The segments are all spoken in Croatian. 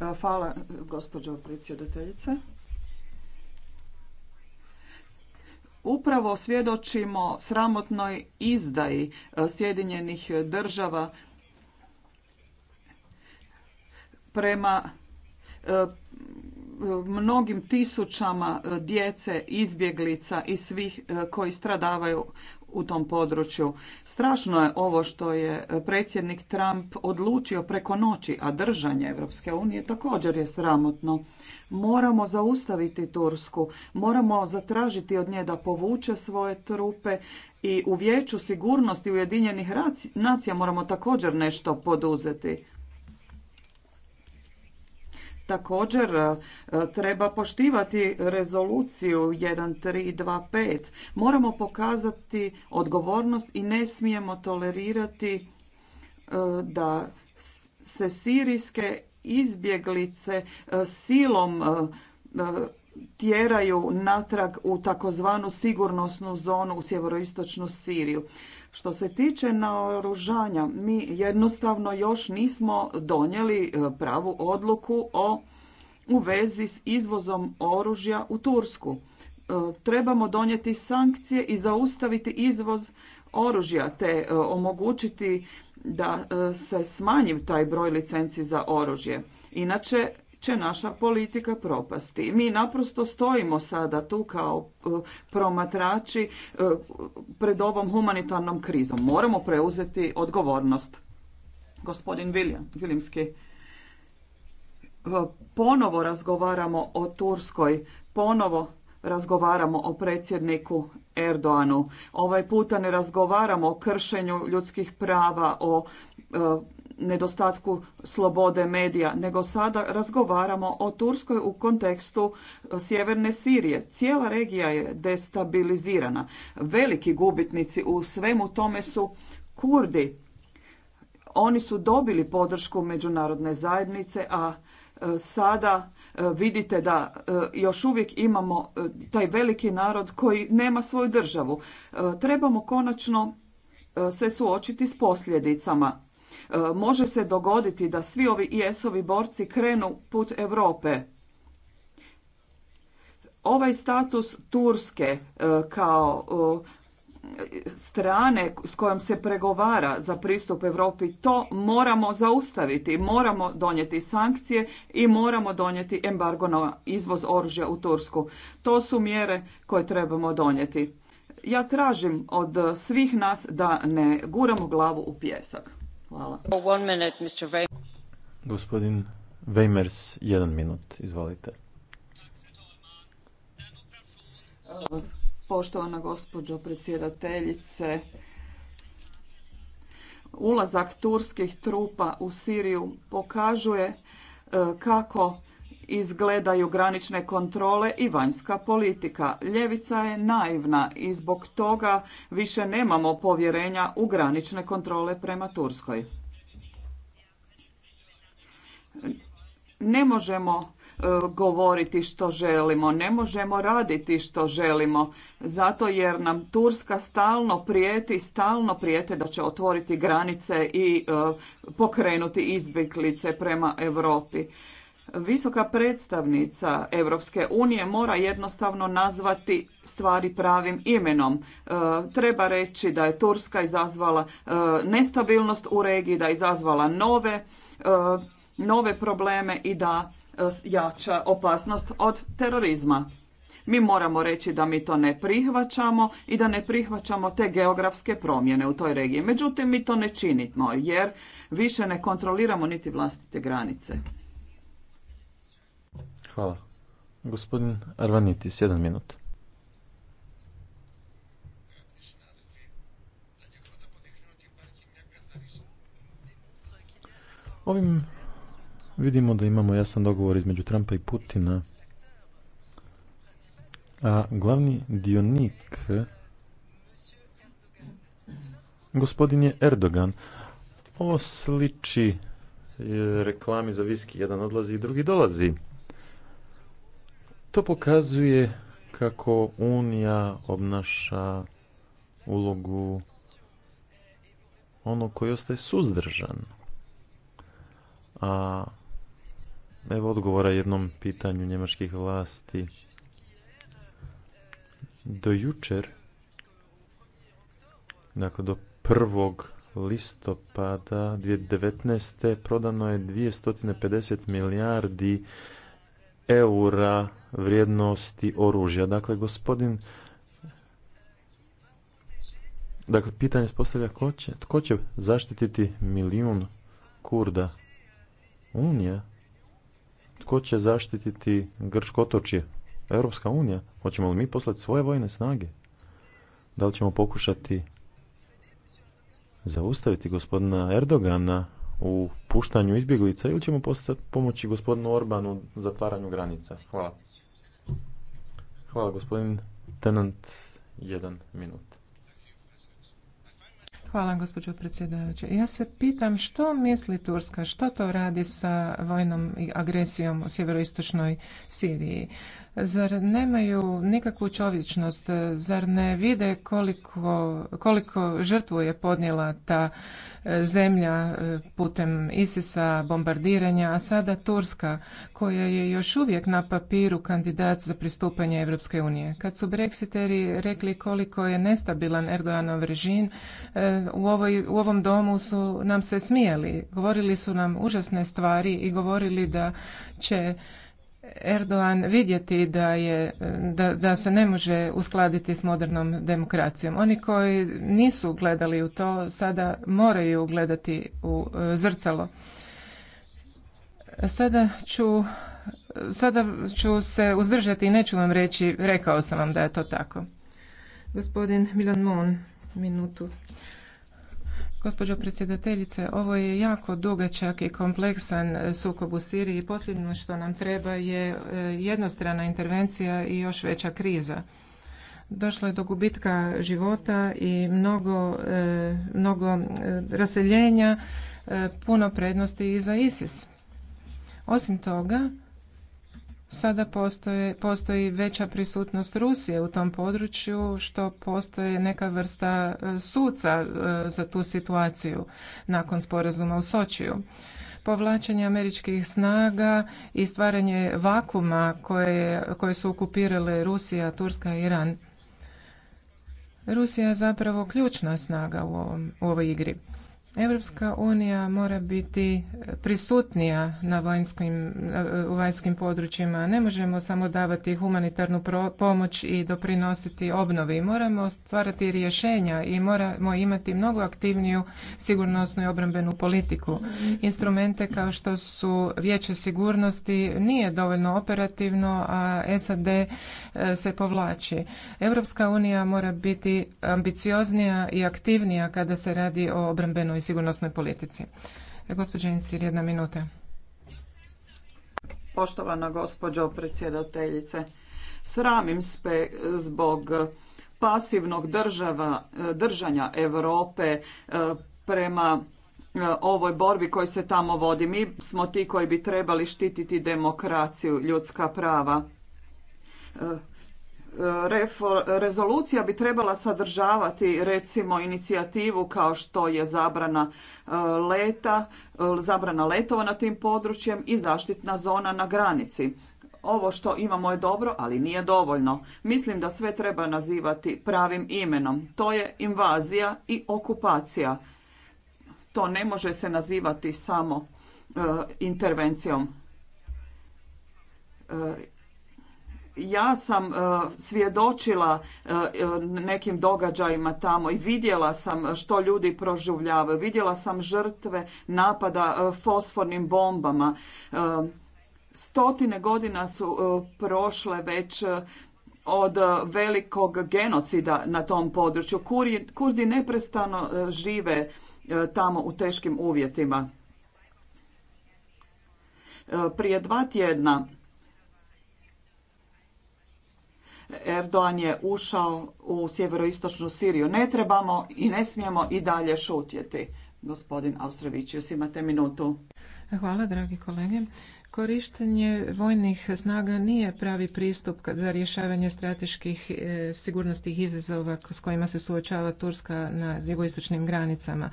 E, hvala, gospođo predsjedateljice. Upravo svjedočimo sramotnoj izdaji e, Sjedinjenih država prema e, mnogim tisućama djece, izbjeglica i svih koji stradavaju u tom području. Strašno je ovo što je predsjednik Trump odlučio preko noći, a držanje Europske unije također je sramotno. Moramo zaustaviti Tursku, moramo zatražiti od nje da povuče svoje trupe i u vijeću sigurnosti Ujedinjenih nacija moramo također nešto poduzeti. Također e, treba poštivati rezoluciju 1325. Moramo pokazati odgovornost i ne smijemo tolerirati e, da se sirijske izbjeglice e, silom tjeraju natrag u takozvanu sigurnosnu zonu u sjeveroistočnu Siriju. Što se tiče naoružanja, mi jednostavno još nismo donijeli e, pravu odluku o u vezi s izvozom oružja u Tursku. E, trebamo donijeti sankcije i zaustaviti izvoz oružja te e, omogućiti da se smanji taj broj licenci za oružje. Inače, će naša politika propasti. Mi naprosto stojimo sada tu kao e, promatrači e, pred ovom humanitarnom krizom. Moramo preuzeti odgovornost. Gospodin e, ponovo razgovaramo o Turskoj, ponovo razgovaramo o predsjedniku Erdoanu. Ovaj puta ne razgovaramo o kršenju ljudskih prava, o nedostatku slobode medija, nego sada razgovaramo o Turskoj u kontekstu sjeverne Sirije. Cijela regija je destabilizirana. Veliki gubitnici u svemu tome su Kurdi. Oni su dobili podršku međunarodne zajednice, a e, sada e, vidite da e, još uvijek imamo taj veliki narod koji nema svoju državu. Trebamo konačno se suočiti s posljedicama E, može se dogoditi da svi ovi IS-ovi borci krenu put Europe. Ovaj status Turske e, kao e, strane s kojom se pregovara za pristup Europi, to moramo zaustaviti, moramo donijeti sankcije i moramo donijeti embargo na izvoz oružja u Tursku. To su mjere koje trebamo donijeti. Ja tražim od svih nas da ne guramo glavu u pjesak. Hvala. Oh, Gospodin Weimers, jedan minut, izvolite. Poštovana gospođo predsjedateljice, ulazak turskih trupa u Siriju pokazuje e, kako izgledaju granične kontrole i vanjska politika. Ljevica je naivna i zbog toga više nemamo povjerenja u granične kontrole prema Turskoj. Ne možemo e, govoriti što želimo, ne možemo raditi što želimo, zato jer nam Turska stalno prijeti, stalno prijete da će otvoriti granice i e, pokrenuti izbjeglice prema Europi visoka predstavnica Europske unije mora jednostavno nazvati stvari pravim imenom. E, treba reći da je Turska izazvala e, nestabilnost u regiji, da je izazvala nove, e, nove probleme i da jača opasnost od terorizma. Mi moramo reći da mi to ne prihvaćamo i da ne prihvaćamo te geografske promjene u toj regiji. Međutim, mi to ne činimo jer više ne kontroliramo niti vlastite granice. Hvala. Gospodin Arvanitis, jedan minut. Ovim vidimo da imamo jasan dogovor između Trumpa i Putina. A glavni dionik gospodin je Erdogan. Ovo sliči e, reklami za viski, jedan odlazi i drugi dolazi. To pokazuje kako Unija obnaša ulogu ono koji ostaje suzdržan. A evo odgovora jednom pitanju njemačkih vlasti. Do jučer, dakle do 1. listopada 2019. prodano je 250 milijardi eura vrijednosti oružja. Dakle, gospodin Dakle, pitanje se postavlja ko će, tko će zaštititi milijun kurda? Unija? Tko će zaštititi Grčko otočje? Europska unija? Hoćemo li mi poslati svoje vojne snage? Da li ćemo pokušati zaustaviti gospodina Erdogana u puštanju izbjeglica ili ćemo pomoći gospodinu Orbanu u zatvaranju granica? Hvala. Hvala gospodin Tenant, jedan minut. Hvala gospođo predsjedavajuće. Ja se pitam što misli Turska, što to radi sa vojnom agresijom u sjeveroistočnoj Siriji zar nemaju nikakvu čovječnost, zar ne vide koliko, koliko žrtvu je podnijela ta e, zemlja e, putem Isisa, bombardiranja, a sada Turska koja je još uvijek na papiru kandidat za pristupanje Europske unije. Kad su breksiteri rekli koliko je nestabilan Erdoganov režim, e, u, ovoj, u ovom domu su nam se smijali, govorili su nam užasne stvari i govorili da će Erdogan vidjeti da, je, da, da se ne može uskladiti s modernom demokracijom. Oni koji nisu gledali u to sada moraju gledati u e, zrcalo. Sada ću, sada ću se uzdržati i neću vam reći, rekao sam vam da je to tako. Gospodin Milan Mon, minutu. Gospođo predsjedateljice, ovo je jako dugačak i kompleksan e, sukob u Siriji. Posljedno što nam treba je e, jednostrana intervencija i još veća kriza. Došlo je do gubitka života i mnogo, e, mnogo raseljenja, puno prednosti i za ISIS. Osim toga, Sada postoji veća prisutnost Rusije u tom području što postoje neka vrsta e, suca e, za tu situaciju nakon sporazuma u Sočiju. Povlačenje američkih snaga i stvaranje vakuma koje, su okupirale Rusija, Turska i Iran. Rusija je zapravo ključna snaga u ovoj igri. Europska unija mora biti eh, prisutnija na vanjskim, eh, eh, u vanjskim područjima. Ne možemo samo davati humanitarnu pomoć i doprinositi obnovi. Moramo stvarati rješenja i moramo imati mnogo aktivniju sigurnosnu i obrambenu politiku. Instrumente kao što su vijeće sigurnosti nije dovoljno operativno, a SAD se povlači. Europska unija mora biti ambicioznija i aktivnija kada se radi o obrambenoj sigurnosnoj politici. E, Gospođa Insir, jedna minuta. Poštovana gospođo predsjedateljice, sramim se zbog pasivnog država, držanja Europe e, prema e, ovoj borbi koji se tamo vodi. Mi smo ti koji bi trebali štititi demokraciju, ljudska prava rezolucija bi trebala sadržavati recimo inicijativu kao što je zabrana e, leta, e, zabrana letova na tim područjem i zaštitna zona na granici. Ovo što imamo je dobro, ali nije dovoljno. Mislim da sve treba nazivati pravim imenom. To je invazija i okupacija. To ne može se nazivati samo e, intervencijom ja sam e, svjedočila e, nekim događajima tamo i vidjela sam što ljudi proživljavaju. Vidjela sam žrtve napada e, fosfornim bombama. Stotine godina su prošle već od velikog genocida na tom području. Kurdi, neprestano žive tamo u teškim uvjetima. Prije dva tjedna Erdogan je ušao u sjeveroistočnu Siriju. Ne trebamo i ne smijemo i dalje šutjeti. Gospodin Austrovićius, imate minutu. Hvala, dragi kolege. Korištenje vojnih snaga nije pravi pristup za rješavanje strateških e, sigurnosnih izazova s kojima se suočava Turska na jugoistočnim granicama.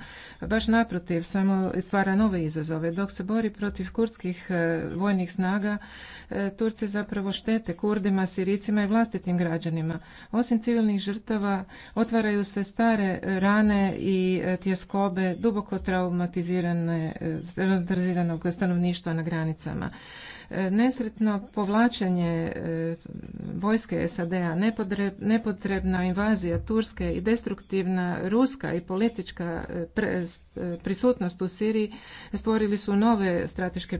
Baš naprotiv, samo stvara nove izazove. Dok se bori protiv kurdskih e, vojnih snaga, e, Turci zapravo štete kurdima, siricima i vlastitim građanima. Osim civilnih žrtava, otvaraju se stare rane i tjeskobe duboko traumatiziranog stanovništva na granicama. E, nesretno povlačenje e, vojske SAD-a, nepotrebna invazija Turske i destruktivna ruska i politička e, prisutnost u Siriji stvorili su nove strateške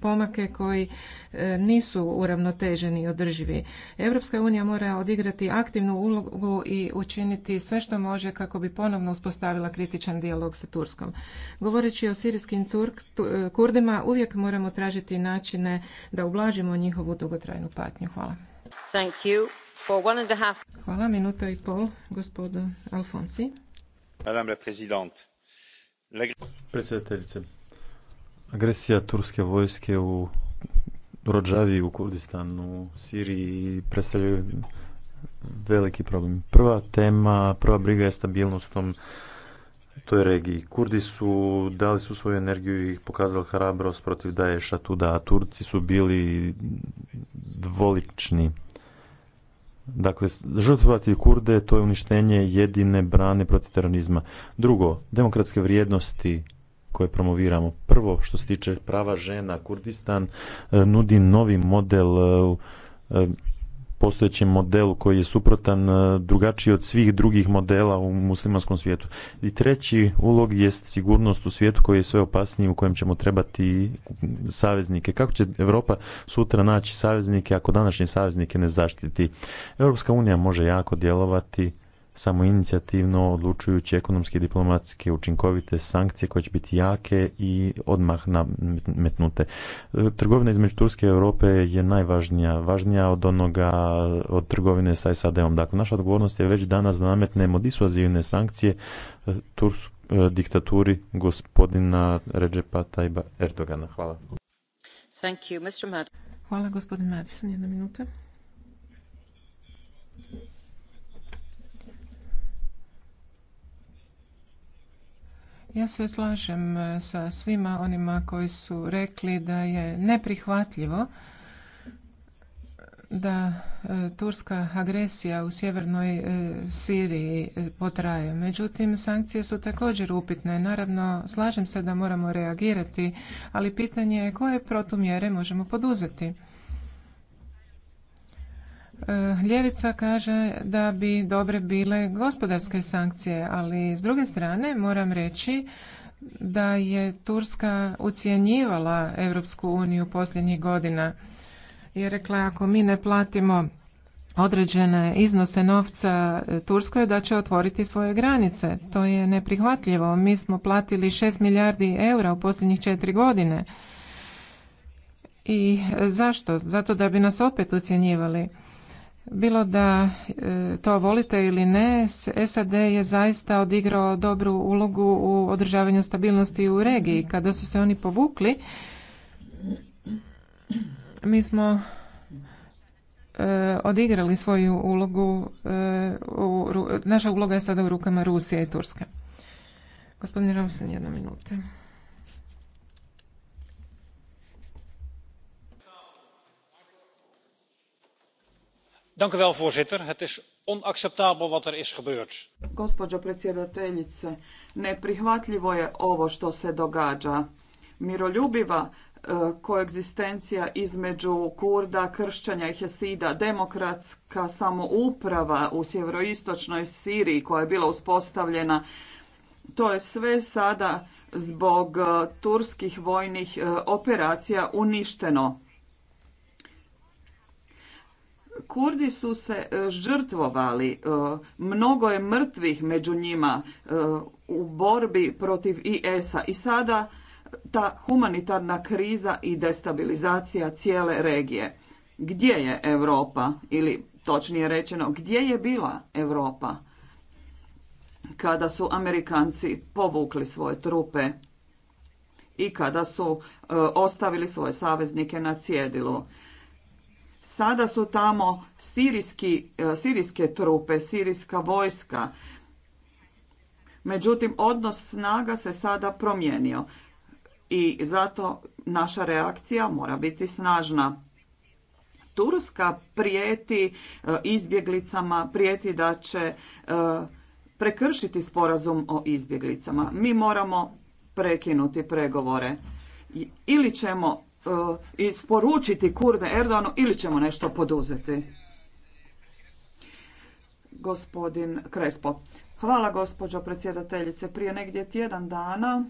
pomake koji e, nisu uravnoteženi i održivi. Europska unija mora odigrati aktivnu ulogu i učiniti sve što može kako bi ponovno uspostavila kritičan dijalog sa Turskom. Govoreći o sirijskim Turk, e, kurdima uvijek moramo tražiti načine da ublažimo njihovu dugotrajnu patnju. Hvala. Thank you. For and Hvala, minuta i pol, gospodo Alfonsi. Madame la présidente, Predsjedateljice, agresija turske vojske u Rođavi, u Kurdistanu, u Siriji predstavljaju veliki problem. Prva tema, prva briga je stabilnost toj regiji. Kurdi su dali su svoju energiju i pokazali hrabrost protiv Daješa tuda, a Turci su bili dvolični. Dakle, žrtvovati kurde to je uništenje jedine brane protiv terorizma. Drugo, demokratske vrijednosti koje promoviramo. Prvo, što se tiče prava žena, Kurdistan eh, nudi novi model eh, eh, postojećem modelu koji je suprotan e, drugačiji od svih drugih modela u muslimanskom svijetu. I treći ulog jest sigurnost u svijetu koji je sve opasniji u kojem ćemo trebati saveznike. Kako će Europa sutra naći saveznike ako današnje saveznike ne zaštiti? Europska unija može jako djelovati samoinicijativno odlučujući ekonomske i diplomatske učinkovite sankcije koje će biti jake i odmah nametnute. Trgovina između Turske i Europe je najvažnija, važnija od onoga od trgovine sa SAD-om. Dakle, naša odgovornost je već danas da nametnemo disuazivne sankcije eh, eh, diktaturi gospodina Ređepa Tajba Erdogana. Hvala. Hvala, gospodin Madison, jedna minuta. Ja se slažem e, sa svima onima koji su rekli da je neprihvatljivo da e, turska agresija u sjevernoj e, Siriji potraje. Međutim, sankcije su također upitne. Naravno, slažem se da moramo reagirati, ali pitanje je koje protumjere možemo poduzeti. E, ljevica kaže da bi dobre bile gospodarske sankcije, ali s druge strane moram reći da je Turska ucjenjivala Europsku uniju posljednjih godina i rekla ako mi ne platimo određene iznose novca e, Turskoj da će otvoriti svoje granice. To je neprihvatljivo. Mi smo platili 6 milijardi eura u posljednjih četiri godine. I e, zašto? Zato da bi nas opet ucjenjivali. Bilo da e, to volite ili ne, SAD je zaista odigrao dobru ulogu u održavanju stabilnosti u regiji. Kada su se oni povukli, mi smo e, odigrali svoju ulogu, e, naša uloga je sada u rukama Rusije i Turske. Gospodin Ravsen, jedna minuta. voorzitter het is onacceptabel wat er is gebeurd. gospođo predsjedateljice neprihvatljivo je ovo što se događa. miroljubiva e, koegzistencija između Kurda, kršćanja i Hesida, demokratska samouprava u sjeveroistočnoj Siriji koja je bila uspostavljena, to je sve sada zbog e, turskih vojnih e, operacija uništeno. Kurdi su se e, žrtvovali, e, mnogo je mrtvih među njima e, u borbi protiv IS-a i sada ta humanitarna kriza i destabilizacija cijele regije. Gdje je Europa ili točnije rečeno gdje je bila Europa kada su Amerikanci povukli svoje trupe i kada su ostavili svoje saveznike na cjedilu? Sada su tamo sirijski, e, sirijske trupe, sirijska vojska. Međutim, odnos snaga se sada promijenio i zato naša reakcija mora biti snažna. Turska prijeti e, izbjeglicama, prijeti da će e, prekršiti sporazum o izbjeglicama. Mi moramo prekinuti pregovore. Ili ćemo E, isporučiti kurde Erdoganu ili ćemo nešto poduzeti. Gospodin Krespo. Hvala gospođo predsjedateljice. Prije negdje tjedan dana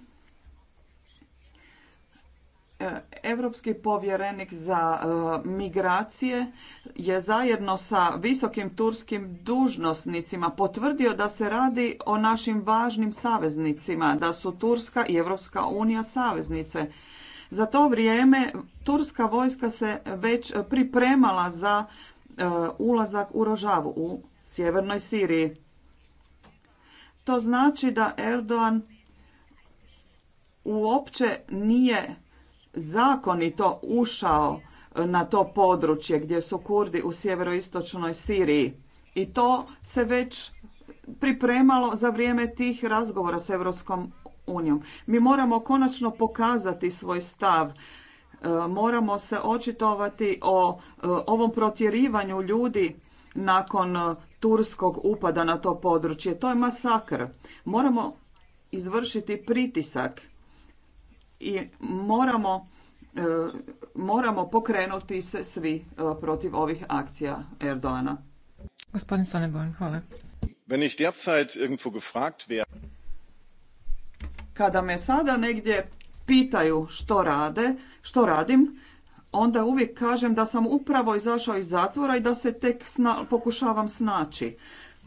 Europski povjerenik za e, migracije je zajedno sa visokim turskim dužnosnicima potvrdio da se radi o našim važnim saveznicima, da su Turska i Europska unija saveznice. Za to vrijeme turska vojska se već pripremala za e, ulazak u Rožavu u sjevernoj Siriji. To znači da Erdoğan uopće nije zakonito ušao na to područje gdje su Kurdi u sjeveroistočnoj Siriji. I to se već pripremalo za vrijeme tih razgovora s Europskom unijom. Mi moramo konačno pokazati svoj stav e, moramo se očitovati o e, ovom protjerivanju ljudi nakon e, turskog upada na to područje. To je masakr. Moramo izvršiti pritisak i moramo, moramo pokrenuti se svi protiv ovih akcija Erdoana. Gospodin Sonneborn, hvala. Wenn ich derzeit irgendwo gefragt kada me sada negdje pitaju što rade, što radim, onda uvijek kažem da sam upravo izašao iz zatvora i da se tek pokušavam snaći.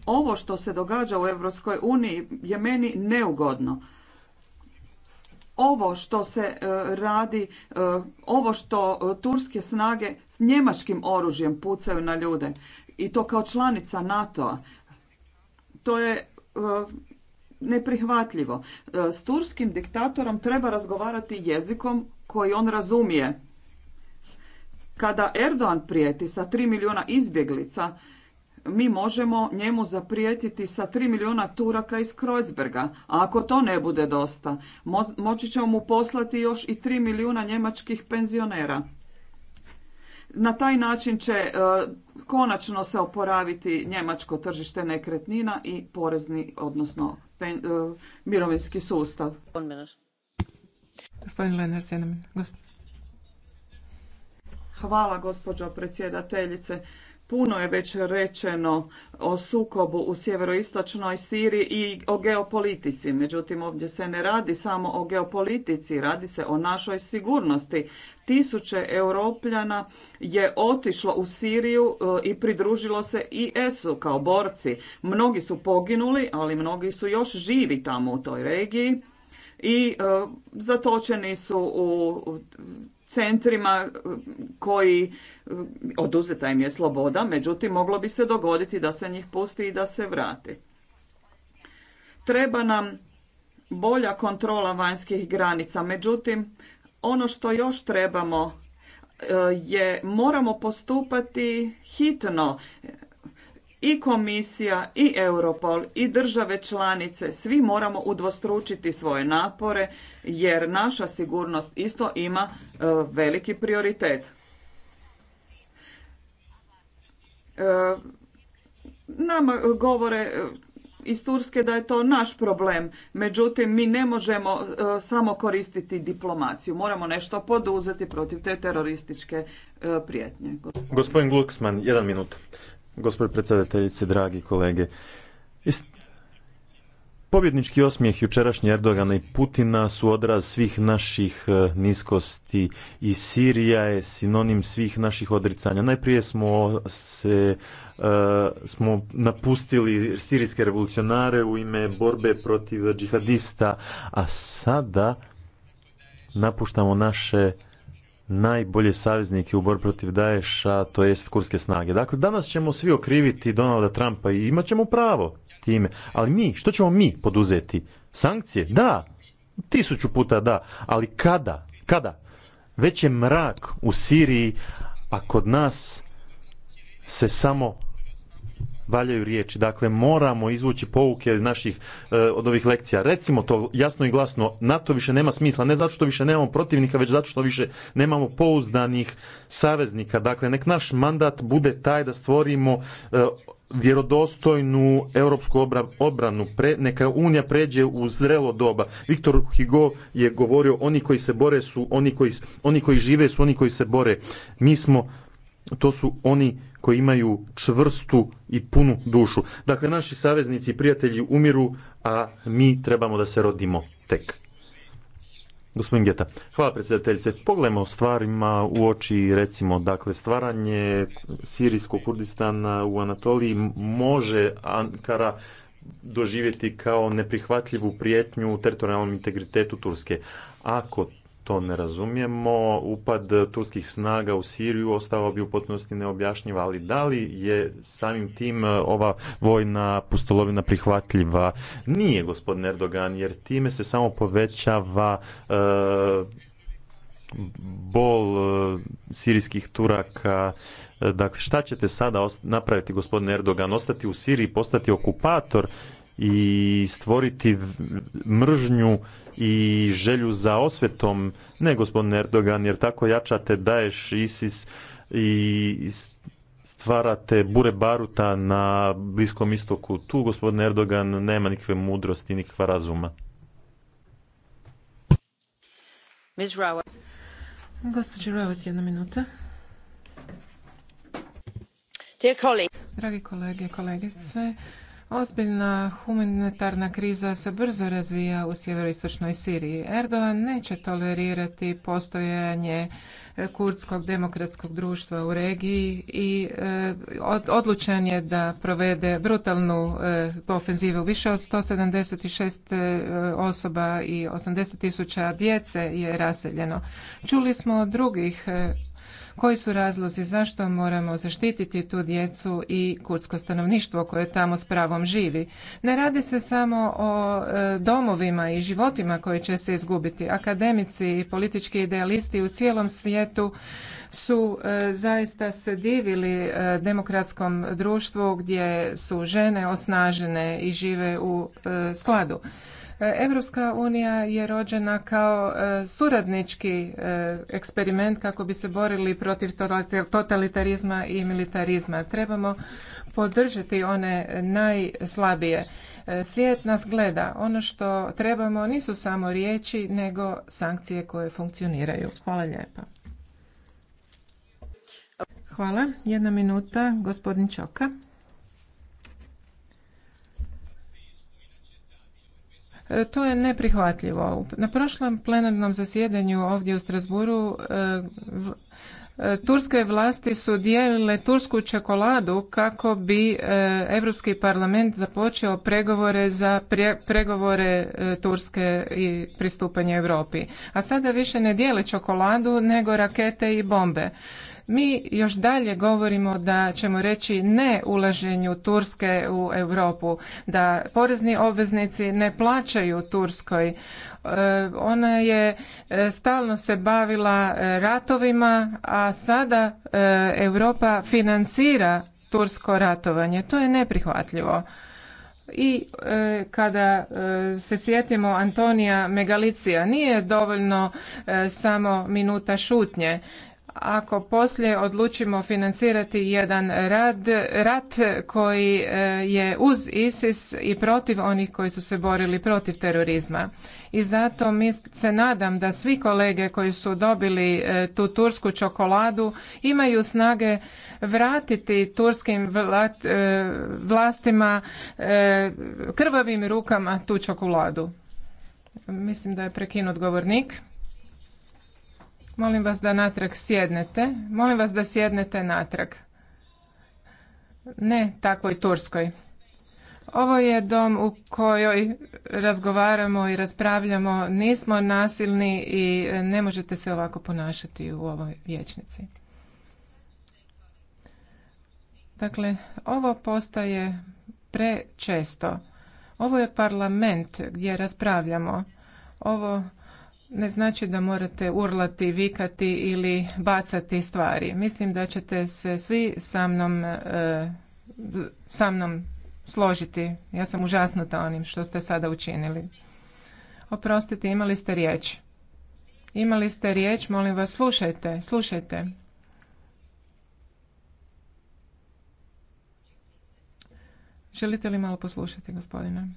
Ovo što se događa u Europskoj uniji je meni neugodno. Ovo što se e, radi, e, ovo što turske snage s njemačkim oružjem pucaju na ljude i to kao članica NATO-a, to je e, neprihvatljivo. E, s turskim diktatorom treba razgovarati jezikom koji on razumije. Kada Erdoğan prijeti sa 3 milijuna izbjeglica, mi možemo njemu zaprijetiti sa 3 milijuna Turaka iz Kreuzberga. A ako to ne bude dosta, moći ćemo mu poslati još i 3 milijuna njemačkih penzionera. Na taj način će e, konačno se oporaviti njemačko tržište nekretnina i porezni, odnosno e, mirovinski sustav. Hvala gospođo predsjedateljice. Puno je već rečeno o sukobu u sjeveroistočnoj Siriji i o geopolitici. Međutim, ovdje se ne radi samo o geopolitici, radi se o našoj sigurnosti tisuće europljana je otišlo u Siriju e, i pridružilo se IS-u kao borci. Mnogi su poginuli, ali mnogi su još živi tamo u toj regiji i e, zatočeni su u centrima e, koji oduzeta im je sloboda, međutim moglo bi se dogoditi da se njih pusti i da se vrati. Treba nam bolja kontrola vanjskih granica, međutim ono što još trebamo e, je moramo postupati hitno. I komisija i Europol i države članice svi moramo udvostručiti svoje napore jer naša sigurnost isto ima e, veliki prioritet. E, nama govore iz Turske da je to naš problem. Međutim, mi ne možemo e, samo koristiti diplomaciju. Moramo nešto poduzeti protiv te terorističke e, prijetnje. Gospodin gluksman jedan minut. Gospodin predsjedateljice, dragi kolege. Pobjednički osmijeh jučerašnje Erdogana i Putina su odraz svih naših e, niskosti i Sirija je sinonim svih naših odricanja. Najprije smo se E, smo napustili sirijske revolucionare u ime borbe protiv džihadista, a sada napuštamo naše najbolje saveznike u borbi protiv Daesha, to jest kurske snage. Dakle, danas ćemo svi okriviti Donalda Trumpa i imat ćemo pravo time. Ali mi, što ćemo mi poduzeti? Sankcije? Da, tisuću puta da. Ali kada? Kada? Već je mrak u Siriji, a kod nas se samo valjaju riječi. Dakle, moramo izvući pouke naših, e, od ovih lekcija. Recimo to jasno i glasno, NATO više nema smisla, ne zato što više nemamo protivnika, već zato što više nemamo pouzdanih saveznika. Dakle, nek naš mandat bude taj da stvorimo e, vjerodostojnu europsku obranu, pre, neka Unija pređe u zrelo doba. Viktor Hugo je govorio, oni koji se bore su, oni koji, oni koji žive su, oni koji se bore. Mi smo, to su oni koji imaju čvrstu i punu dušu. Dakle, naši saveznici i prijatelji umiru, a mi trebamo da se rodimo tek. Gospodin Geta, hvala predsjedateljice. Pogledajmo stvarima u oči, recimo, dakle, stvaranje sirijskog Kurdistana u Anatoliji može Ankara doživjeti kao neprihvatljivu prijetnju teritorijalnom integritetu Turske. Ako to ne razumijemo. Upad turskih snaga u Siriju ostao bi u potpunosti neobjašnjiva, ali da li je samim tim e, ova vojna pustolovina prihvatljiva? Nije, gospodin Erdogan, jer time se samo povećava e, bol e, sirijskih turaka. Dakle, šta ćete sada napraviti, gospodin Erdogan? Ostati u Siriji, postati okupator? i stvoriti mržnju i želju za osvetom, ne gospodine Erdogan, jer tako jačate Daesh, ISIS i stvarate bure baruta na Bliskom istoku. Tu gospodine Erdogan nema nikakve mudrosti, nikakva razuma. jedna minuta. Dragi kolege kolegice, Ozbiljna humanitarna kriza se brzo razvija u sjeveroistočnoj Siriji. Erdogan neće tolerirati postojanje e, kurdskog demokratskog društva u regiji i e, odlučan je da provede brutalnu e, ofenzivu. Više od 176 osoba i 80 tisuća djece je raseljeno. Čuli smo od drugih koji su razlozi zašto moramo zaštititi tu djecu i kurdsko stanovništvo koje tamo s pravom živi? Ne radi se samo o e, domovima i životima koji će se izgubiti. Akademici i politički idealisti u cijelom svijetu su e, zaista se divili e, demokratskom društvu gdje su žene osnažene i žive u skladu. Evropska unija je rođena kao e, suradnički e, eksperiment kako bi se borili protiv totalitarizma i militarizma. Trebamo podržati one najslabije. E, svijet nas gleda. Ono što trebamo nisu samo riječi, nego sankcije koje funkcioniraju. Hvala lijepa. Hvala. Jedna minuta, gospodin Čoka. E, to je neprihvatljivo. Na prošlom plenarnom zasjedanju ovdje u Strasburu e, e, Turske vlasti su dijelile tursku čokoladu kako bi Europski parlament započeo pregovore za pregovore Turske i pristupanje Europi. A sada više ne dijele čokoladu nego rakete i bombe mi još dalje govorimo da ćemo reći ne ulaženju Turske u Europu, da porezni obveznici ne plaćaju Turskoj. E, ona je e, stalno se bavila e, ratovima, a sada Europa financira tursko ratovanje. To je neprihvatljivo. I kada se sjetimo Antonija Megalicija, nije dovoljno samo minuta šutnje ako poslije odlučimo financirati jedan rad, rat koji e, je uz ISIS i protiv onih koji su se borili protiv terorizma. I zato se nadam da svi kolege koji su dobili e, tu tursku čokoladu imaju snage vratiti turskim e, vlastima krvavim rukama tu čokoladu. Mislim da je prekinut govornik. Molim vas da natrag sjednete. Molim vas da sjednete natrag. Ne takvoj Turskoj. Ovo je dom u kojoj razgovaramo i raspravljamo. Nismo nasilni i ne možete se ovako ponašati u ovoj vječnici. Dakle, ovo postaje prečesto. Ovo je parlament gdje raspravljamo. Ovo ne znači da morate urlati, vikati ili bacati stvari. Mislim da ćete se svi sa mnom, e, sa mnom složiti. Ja sam užasnuta onim što ste sada učinili. Oprostite, imali ste riječ. Imali ste riječ, molim vas, slušajte, slušajte. Želite li malo poslušati, gospodine?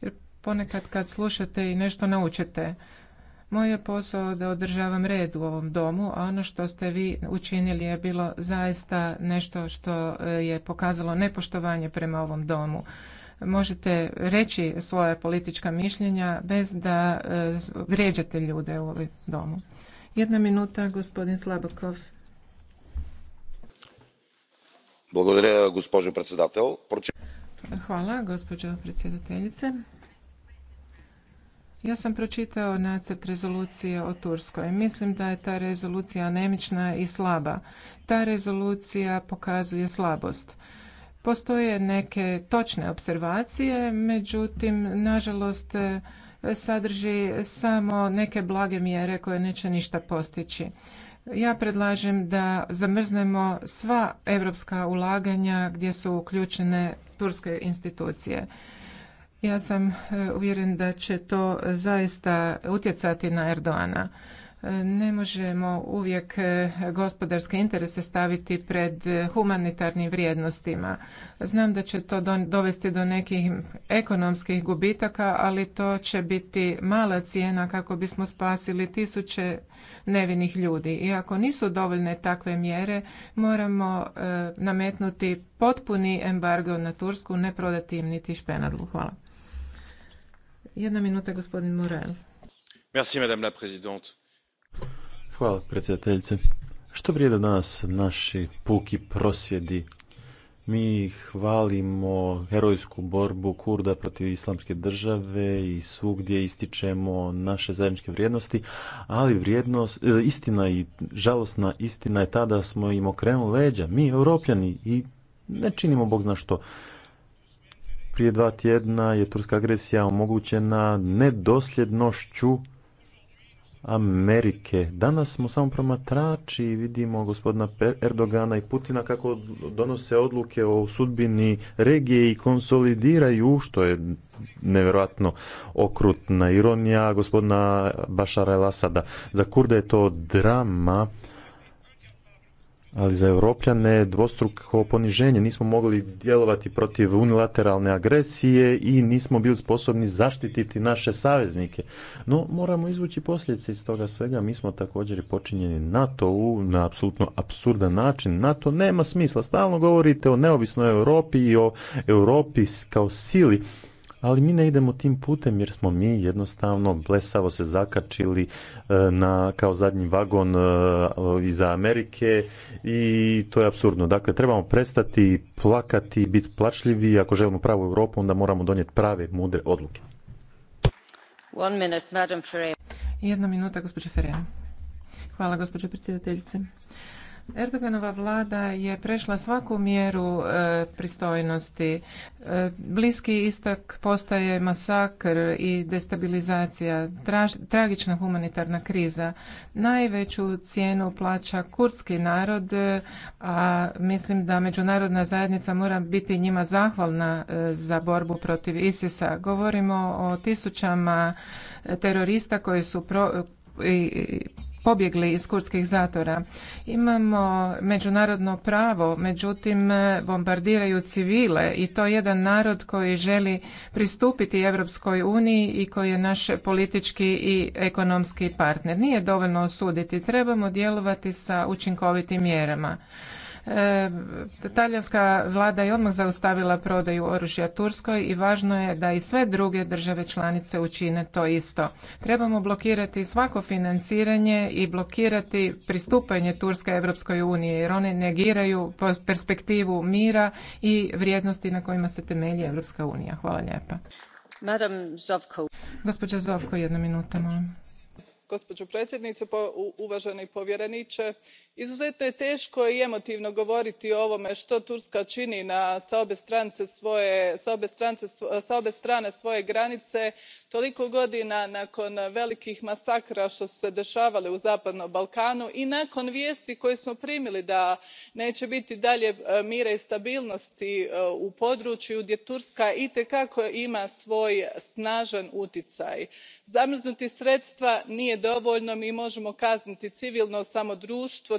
Jer ponekad kad slušate i nešto naučite, moj je posao da održavam red u ovom domu, a ono što ste vi učinili je bilo zaista nešto što e, je pokazalo nepoštovanje prema ovom domu. Možete reći svoja politička mišljenja bez da e, vrijeđate ljude u ovom domu. Jedna minuta, gospodin Slabokov. Hvala, gospođo predsjedateljice. Ja sam pročitao nacrt rezolucije o Turskoj. Mislim da je ta rezolucija anemična i slaba. Ta rezolucija pokazuje slabost. Postoje neke točne observacije, međutim, nažalost, sadrži samo neke blage mjere koje neće ništa postići. Ja predlažem da zamrznemo sva europska ulaganja gdje su uključene turske institucije. Ja sam e, uvjeren da će to zaista utjecati na Erdoana. E, ne možemo uvijek e, gospodarske interese staviti pred humanitarnim vrijednostima. Znam da će to dovesti do nekih ekonomskih gubitaka, ali to će biti mala cijena kako bismo spasili tisuće nevinih ljudi. I ako nisu dovoljne takve mjere, moramo nametnuti potpuni embargo na Tursku, ne prodati im niti špenadlu. Hvala. Jedna minuta, Hvala, predsjedateljice. Što vrijede danas naši puki prosvjedi? Mi hvalimo herojsku borbu Kurda protiv islamske države i svugdje ističemo naše zajedničke vrijednosti, ali vrijednost, e, istina i žalosna istina je ta da smo im okrenuli leđa, mi europljani i ne činimo Bog zna što prije dva tjedna je turska agresija omogućena nedosljednošću Amerike. Danas smo samo promatrači i vidimo gospodina Erdogana i Putina kako donose odluke o sudbini regije i konsolidiraju, što je nevjerojatno okrutna ironija gospodina Bašara el Za Kurde je to drama ali za europljane dvostruko poniženje. Nismo mogli djelovati protiv unilateralne agresije i nismo bili sposobni zaštititi naše saveznike. No, moramo izvući posljedice iz toga svega. Mi smo također počinjeni NATO-u na apsolutno absurdan način. NATO nema smisla. Stalno govorite o neovisnoj Europi i o Europi kao sili ali mi ne idemo tim putem jer smo mi jednostavno blesavo se zakačili e, na, kao zadnji vagon e, iza Amerike i to je absurdno. Dakle, trebamo prestati plakati, biti plačljivi. Ako želimo pravu Europu, onda moramo donijeti prave, mudre odluke. minuta, Hvala, gospođo predsjedateljice. Erdoganova vlada je prešla svaku mjeru e, pristojnosti. E, bliski istak postaje masakr i destabilizacija, tragična humanitarna kriza. Najveću cijenu plaća kurdski narod, e, a mislim da međunarodna zajednica mora biti njima zahvalna za borbu protiv ISIS-a. Govorimo o tisućama terorista koji su pobjegli iz kurskih zatora. Imamo međunarodno pravo, međutim bombardiraju civile i to je jedan narod koji želi pristupiti Europskoj uniji i koji je naš politički i ekonomski partner. Nije dovoljno osuditi, trebamo djelovati sa učinkovitim mjerama. E, talijanska vlada je odmah zaustavila prodaju oružja Turskoj i važno je da i sve druge države članice učine to isto. Trebamo blokirati svako financiranje i blokirati pristupanje Turske Europskoj uniji jer one negiraju perspektivu mira i vrijednosti na kojima se temelji Europska unija. Hvala lijepa. Gospođa Zovko, jedna minuta, molim. Gospođo predsjednice, uvaženi povjereniče, izuzetno je teško i emotivno govoriti o ovome što turska čini s obe strane svoje granice toliko godina nakon velikih masakra što su se dešavale u zapadnom balkanu i nakon vijesti koje smo primili da neće biti dalje e, mira i stabilnosti e, u području gdje turska itekako ima svoj snažan utjecaj. zamrznuti sredstva nije dovoljno mi možemo kazniti civilno samo društvo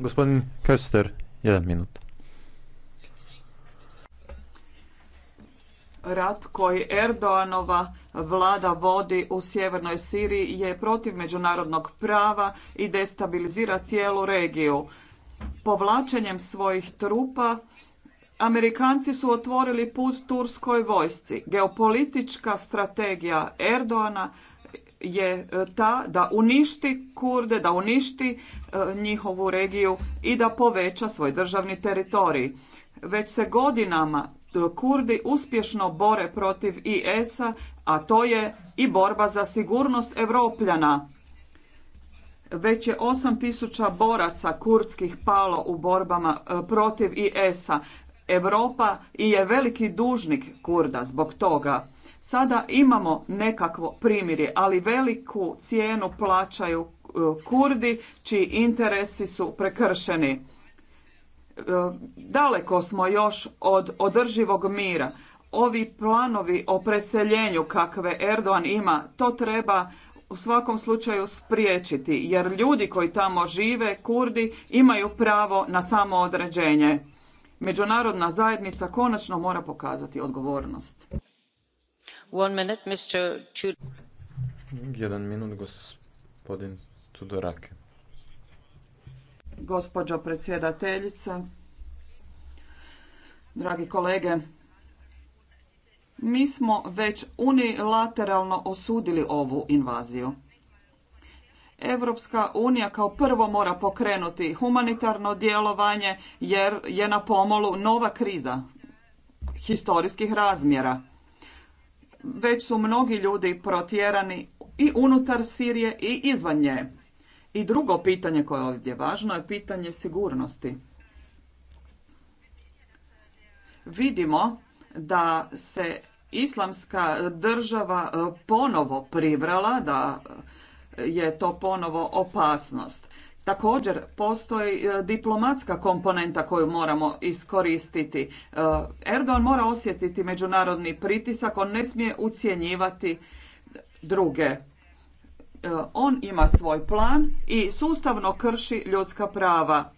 Gospodin Kester, jedan minut. Rat koji Erdoanova vlada vodi u sjevernoj Siriji je protiv međunarodnog prava i destabilizira cijelu regiju. Povlačenjem svojih trupa Amerikanci su otvorili put turskoj vojsci. Geopolitička strategija Erdoana je e, ta da uništi Kurde, da uništi e, njihovu regiju i da poveća svoj državni teritorij. Već se godinama e, Kurdi uspješno bore protiv IS-a, a to je i borba za sigurnost Evropljana. Već je 8000 boraca kurdskih palo u borbama protiv IS-a. Europa i je veliki dužnik Kurda zbog toga. Sada imamo nekakvo primirje, ali veliku cijenu plaćaju e, Kurdi čiji interesi su prekršeni. E, daleko smo još od održivog mira. Ovi planovi o preseljenju kakve Erdogan ima, to treba u svakom slučaju spriječiti, jer ljudi koji tamo žive, Kurdi, imaju pravo na određenje. Međunarodna zajednica konačno mora pokazati odgovornost. Gospođo predsjedateljice, dragi kolege, mi smo već unilateralno osudili ovu invaziju. Europska unija kao prvo mora pokrenuti humanitarno djelovanje jer je na pomolu nova kriza historijskih razmjera već su mnogi ljudi protjerani i unutar Sirije i izvan nje. I drugo pitanje koje je ovdje važno je pitanje sigurnosti. Vidimo da se islamska država ponovo privrala, da je to ponovo opasnost. Također postoji e, diplomatska komponenta koju moramo iskoristiti. E, Erdogan mora osjetiti međunarodni pritisak, on ne smije ucjenjivati druge. E, on ima svoj plan i sustavno krši ljudska prava.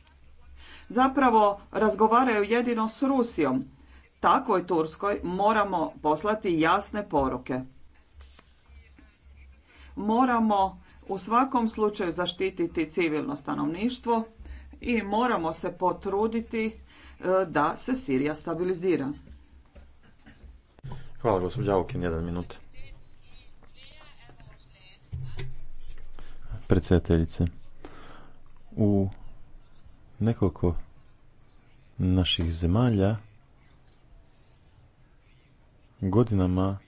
Zapravo razgovaraju jedino s Rusijom. Takvoj Turskoj moramo poslati jasne poruke. Moramo u svakom slučaju zaštititi civilno stanovništvo i moramo se potruditi e, da se Sirija stabilizira. Hvala gospođa Aukin, jedan minut. Predsjedateljice, u nekoliko naših zemalja godinama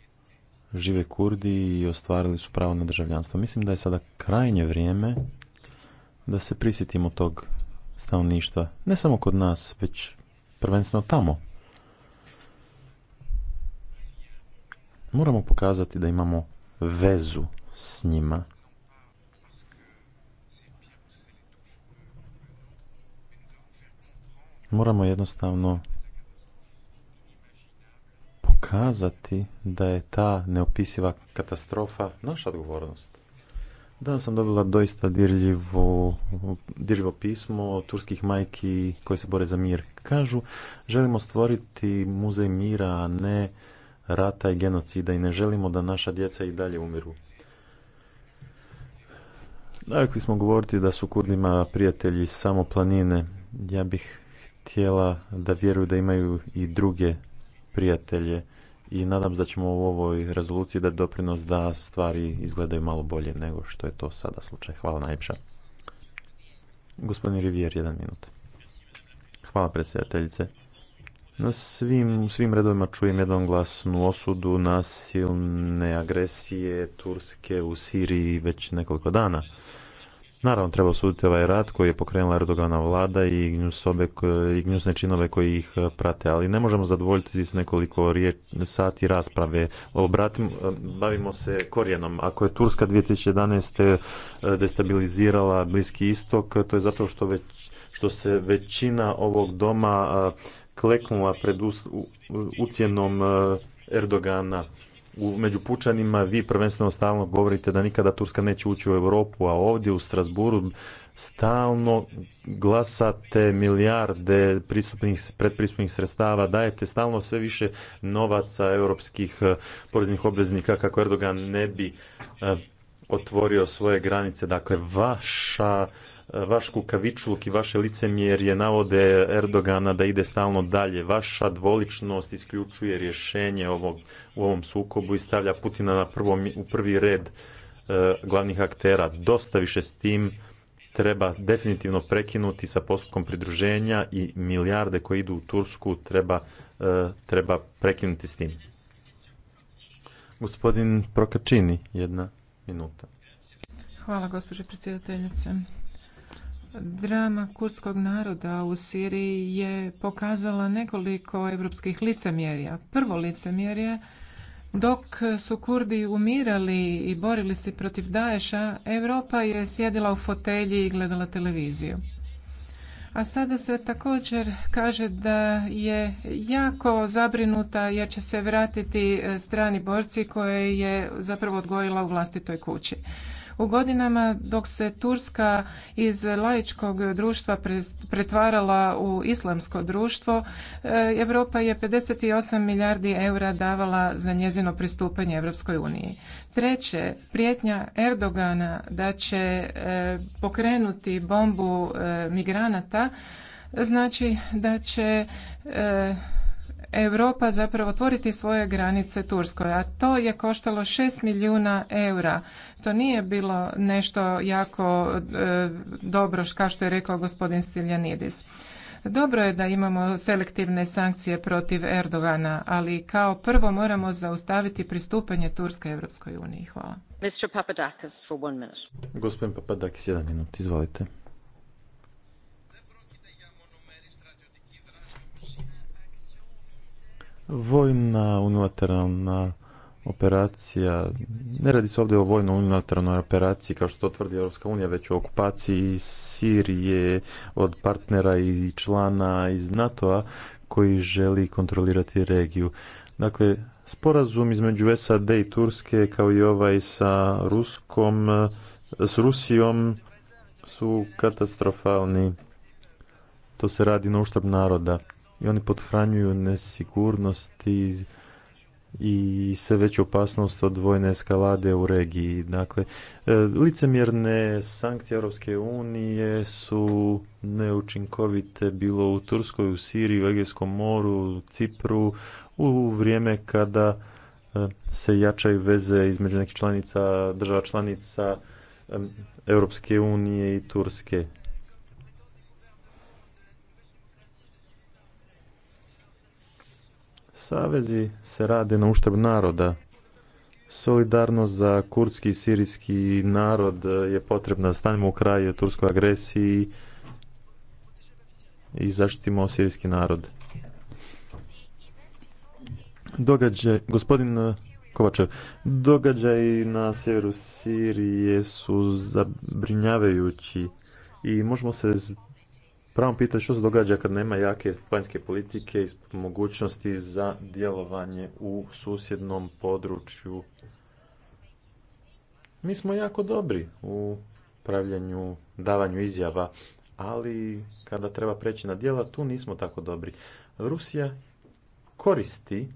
žive Kurdi i ostvarili su pravo na državljanstvo. Mislim da je sada krajnje vrijeme da se prisjetimo tog stanovništva. Ne samo kod nas, već prvenstveno tamo. Moramo pokazati da imamo vezu s njima. Moramo jednostavno kazati da je ta neopisiva katastrofa naša odgovornost. Danas sam dobila doista dirljivo, dirljivo pismo turskih majki koji se bore za mir. Kažu, želimo stvoriti muzej mira, a ne rata i genocida i ne želimo da naša djeca i dalje umiru. Dakle smo govoriti da su kurdima prijatelji samo planine. Ja bih htjela da vjeruju da imaju i druge prijatelje i nadam se da ćemo u ovoj rezoluciji dati doprinos da stvari izgledaju malo bolje nego što je to sada slučaj. Hvala najljepša. Gospodin Rivier, jedan minut. Hvala predsjedateljice. Na svim, u svim redovima čujem jednoglasnu osudu nasilne agresije Turske u Siriji već nekoliko dana. Naravno, treba osuditi ovaj rat koji je pokrenula Erdogana vlada i i gnjusne činove koji ih e, prate, ali ne možemo zadovoljiti s nekoliko riječ, sati rasprave. Obratim, e, bavimo se korijenom. Ako je Turska 2011. E, destabilizirala Bliski istok, to je zato što, već, što se većina ovog doma kleknula pred ucjenom Erdogana u, među pučanima vi prvenstveno stalno govorite da nikada Turska neće ući u Europu, a ovdje u Strasburu stalno glasate milijarde pristupnih, predpristupnih sredstava, dajete stalno sve više novaca europskih eh, poreznih obveznika kako Erdogan ne bi eh, otvorio svoje granice. Dakle, vaša vaš kukavičluk i vaše licemjerje navode Erdogana da ide stalno dalje. Vaša dvoličnost isključuje rješenje ovog, u ovom sukobu i stavlja Putina na prvo, u prvi red e, glavnih aktera. Dosta više s tim treba definitivno prekinuti sa postupkom pridruženja i milijarde koje idu u Tursku treba, e, treba prekinuti s tim. Gospodin Prokačini, jedna minuta. Hvala gospođo predsjedateljice. Drama kurdskog naroda u Siriji je pokazala nekoliko europskih licemjerja. Prvo licemjerje dok su Kurdi umirali i borili se protiv Daesha, Europa je sjedila u fotelji i gledala televiziju. A sada se također kaže da je jako zabrinuta jer će se vratiti strani borci koje je zapravo odgojila u vlastitoj kući. U godinama dok se Turska iz laičkog društva pretvarala u islamsko društvo, e, Europa je 58 milijardi eura davala za njezino pristupanje Europskoj uniji. Treće, prijetnja Erdogana da će e, pokrenuti bombu e, migranata znači da će Europa zapravo otvoriti svoje granice Turskoj, a to je koštalo 6 milijuna eura. To nije bilo nešto jako e, dobro, kao što je rekao gospodin Stiljanidis. Dobro je da imamo selektivne sankcije protiv Erdogana, ali kao prvo moramo zaustaviti pristupanje Turske Europskoj uniji. Hvala. Gospodin Papadakis, minut, izvolite. vojna unilateralna operacija, ne radi se ovdje o vojno unilateralnoj operaciji kao što to tvrdi Europska unija, već o okupaciji Sirije od partnera i člana iz NATO-a koji želi kontrolirati regiju. Dakle, sporazum između SAD i Turske kao i ovaj sa Ruskom, s Rusijom su katastrofalni. To se radi na uštrb naroda i oni podhranjuju nesigurnost i, i sve veću opasnost od vojne eskalade u regiji. Dakle, e, licemjerne sankcije Europske unije su neučinkovite bilo u Turskoj, u Siriji, u Egejskom moru, u Cipru, u vrijeme kada e, se jačaju veze između nekih članica, država članica Europske unije i Turske. Savezi se rade na uštrb naroda. Solidarnost za kurdski i sirijski narod je potrebna. Stanimo u kraju turskoj agresiji i zaštitimo sirijski narod. Događaj, gospodin Kovačev, događaj na sjeveru Sirije su zabrinjavajući i možemo se pravom pita što se događa kad nema jake vanjske politike i mogućnosti za djelovanje u susjednom području. Mi smo jako dobri u pravljenju, davanju izjava, ali kada treba preći na djela, tu nismo tako dobri. Rusija koristi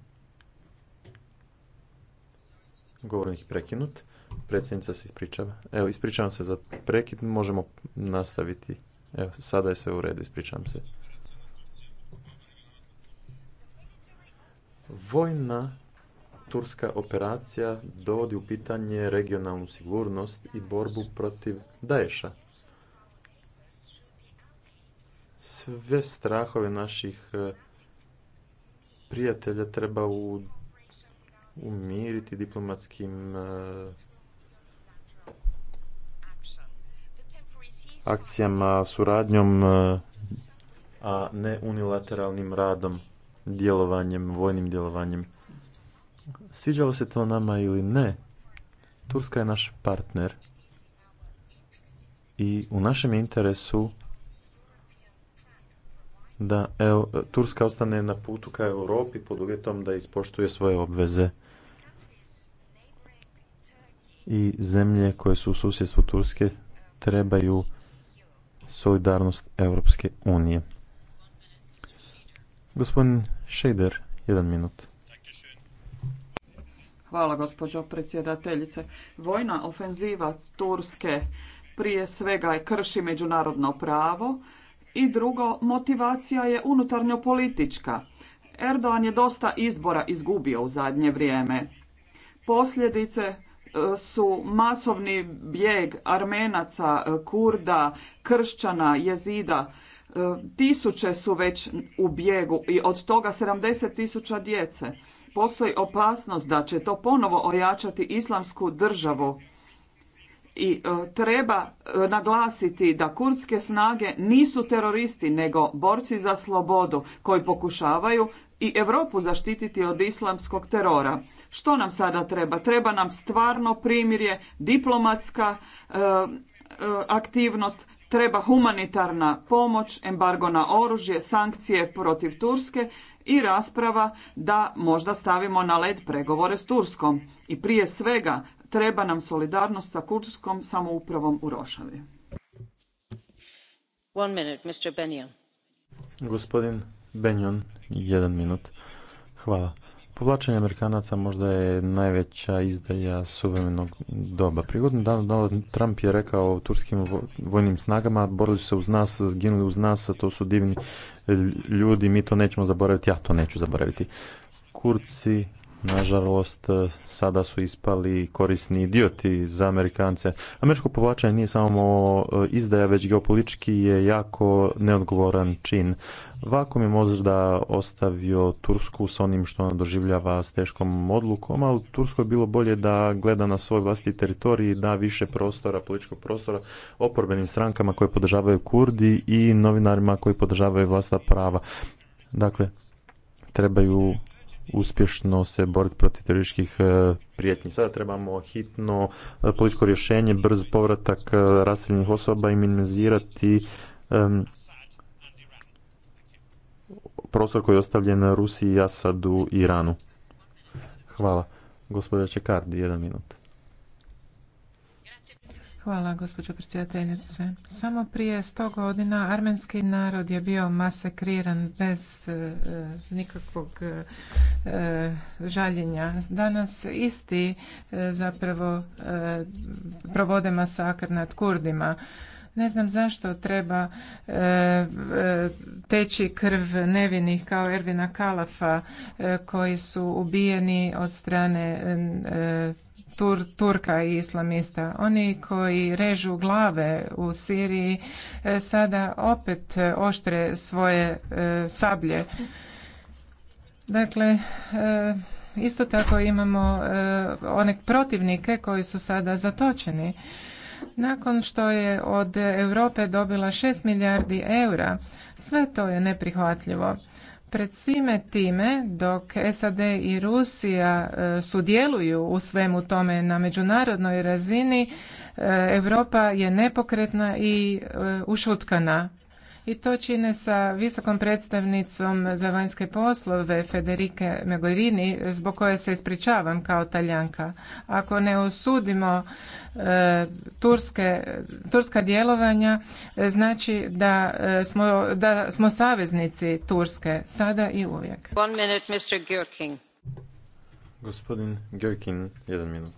govornik prekinut. Predsjednica se ispričava. Evo, ispričavam se za prekid, možemo nastaviti. Evo, sada je sve u redu, ispričam se. Vojna turska operacija dovodi u pitanje regionalnu sigurnost i borbu protiv Daesha. Sve strahove naših e, prijatelja treba umiriti diplomatskim e, akcijama, suradnjom, e, a ne unilateralnim radom, djelovanjem, vojnim djelovanjem. Sviđalo se to nama ili ne, Turska je naš partner i u našem interesu da Turska ostane na putu ka Europi pod uvjetom da ispoštuje svoje obveze i zemlje koje su u susjedstvu Turske trebaju solidarnost Europske unije. Gospodin jedan minut. Hvala gospođo predsjedateljice. Vojna ofenziva Turske prije svega je krši međunarodno pravo i drugo motivacija je unutarnjo politička. Erdogan je dosta izbora izgubio u zadnje vrijeme. Posljedice su masovni bijeg Armenaca, Kurda, Kršćana, Jezida. Tisuće su već u bijegu i od toga 70 tisuća djece. Postoji opasnost da će to ponovo ojačati islamsku državu i e, treba e, naglasiti da kurdske snage nisu teroristi nego borci za slobodu koji pokušavaju i Europu zaštititi od islamskog terora. Što nam sada treba? Treba nam stvarno primirje, diplomatska e, e, aktivnost, treba humanitarna pomoć, embargo na oružje, sankcije protiv Turske i rasprava da možda stavimo na led pregovore s Turskom. I prije svega treba nam solidarnost sa kurskom samoupravom u Rošavi. One minute, Mr. Benjon. Gospodin Benjon, jedan minut. Hvala. Povlačenje Amerikanaca možda je najveća izdaja suvremenog doba. Prigodno dan Donald Trump je rekao turskim vojnim snagama, borili su se uz nas, ginuli uz nas, to su divni e, ljudi, mi to nećemo zaboraviti, ja to neću zaboraviti. Kurci nažalost e, sada su ispali korisni idioti za Amerikance. Američko povlačenje nije samo e, izdaja, već geopolitički je jako neodgovoran čin. Vakom je možda ostavio Tursku s onim što ona doživljava s teškom odlukom, ali Tursko je bilo bolje da gleda na svoj vlastiti teritorij i da više prostora, političkog prostora oporbenim strankama koje podržavaju Kurdi i novinarima koji podržavaju vlastna prava. Dakle, trebaju uspješno se boriti protiv terorističkih e, prijetnji. Sada trebamo hitno e, političko rješenje, brz povratak e, raseljenih osoba i minimizirati prostor koji je ostavljen Rusiji, Asadu i Iranu. Hvala. Gospodin Čekardi, jedan minut. Hvala, gospođo predsjedateljice. Samo prije sto godina armenski narod je bio masakriran bez e, e nikakvog e, e, žaljenja. Danas isti zapravo provode masakr nad Kurdima. Ne znam zašto treba teći krv nevinih kao Ervina Kalafa koji su ubijeni od strane Turka i islamista. Oni koji režu glave u Siriji e, sada opet e, oštre svoje e, sablje. Dakle, isto tako imamo one protivnike koji su sada zatočeni. Nakon što je od Europe dobila 6 milijardi eura, sve to je neprihvatljivo. Pred svime time, dok SAD i Rusija e, sudjeluju u svemu tome na međunarodnoj razini, e, Europa je nepokretna i e, ušutkana i to čine sa visokom predstavnicom za vanjske poslove Federike Megorini zbog koje se ispričavam kao Taljanka. Ako ne osudimo e, turske, turska djelovanja e, znači da e, smo, da smo saveznici Turske sada i uvijek. One minute, Mr. Gospodin jedan minut.